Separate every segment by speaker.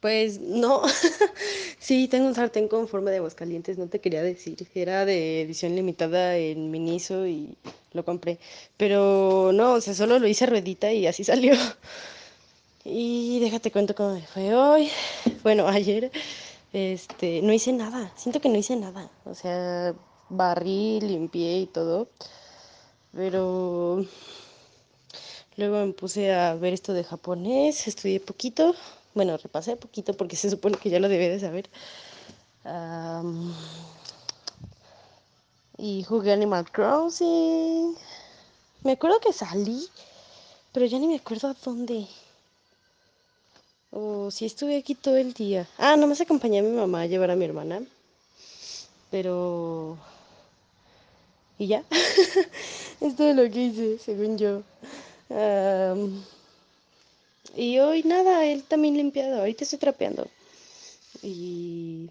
Speaker 1: Pues no, sí, tengo un sartén con forma de Aguascalientes, no te quería decir, era de edición limitada en Miniso y lo compré, pero no, o sea, solo lo hice ruedita y así salió. Y déjate cuento cómo me fue hoy, bueno, ayer, este, no hice nada, siento que no hice nada, o sea, barrí, limpié y todo, pero luego me puse a ver esto de japonés, estudié poquito bueno, repasé poquito porque se supone que ya lo debe de saber. y jugué Animal Crossing. Me acuerdo que salí, pero ya ni me acuerdo a dónde. O oh, si estuve aquí todo el día. Ah, nomás acompañé a mi mamá a llevar a mi hermana. Pero. Y ya. Esto es lo que hice, según yo. Y hoy nada, él también limpiado, ahorita estoy trapeando. Y...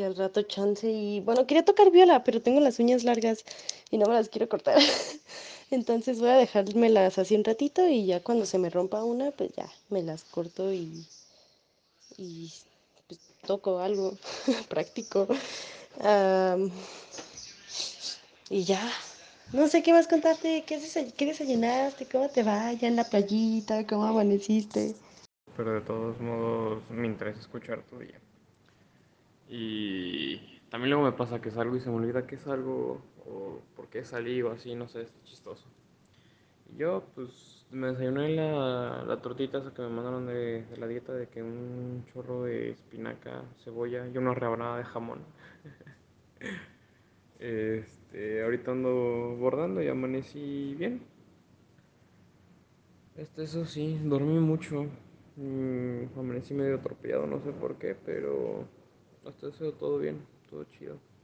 Speaker 1: al rato chance y... Bueno, quería tocar viola, pero tengo las uñas largas y no me las quiero cortar. Entonces voy a dejármelas así un ratito y ya cuando se me rompa una, pues ya me las corto y... Y pues, toco algo práctico. y ya, no sé qué más contarte, ¿Qué, qué desayunaste, cómo te va en la playita, cómo amaneciste.
Speaker 2: Pero de todos modos me interesa escuchar tu día. Y también luego me pasa que salgo y se me olvida que salgo o por qué salí o así, no sé, es chistoso. yo pues me desayuné la, la tortita esa que me mandaron de, la dieta de que un chorro de espinaca, cebolla y una rebanada de jamón. este este, ahorita ando bordando y amanecí bien. Este, eso sí, dormí mucho. Mm, amanecí medio atropellado, no sé por qué, pero hasta eso todo bien, todo chido.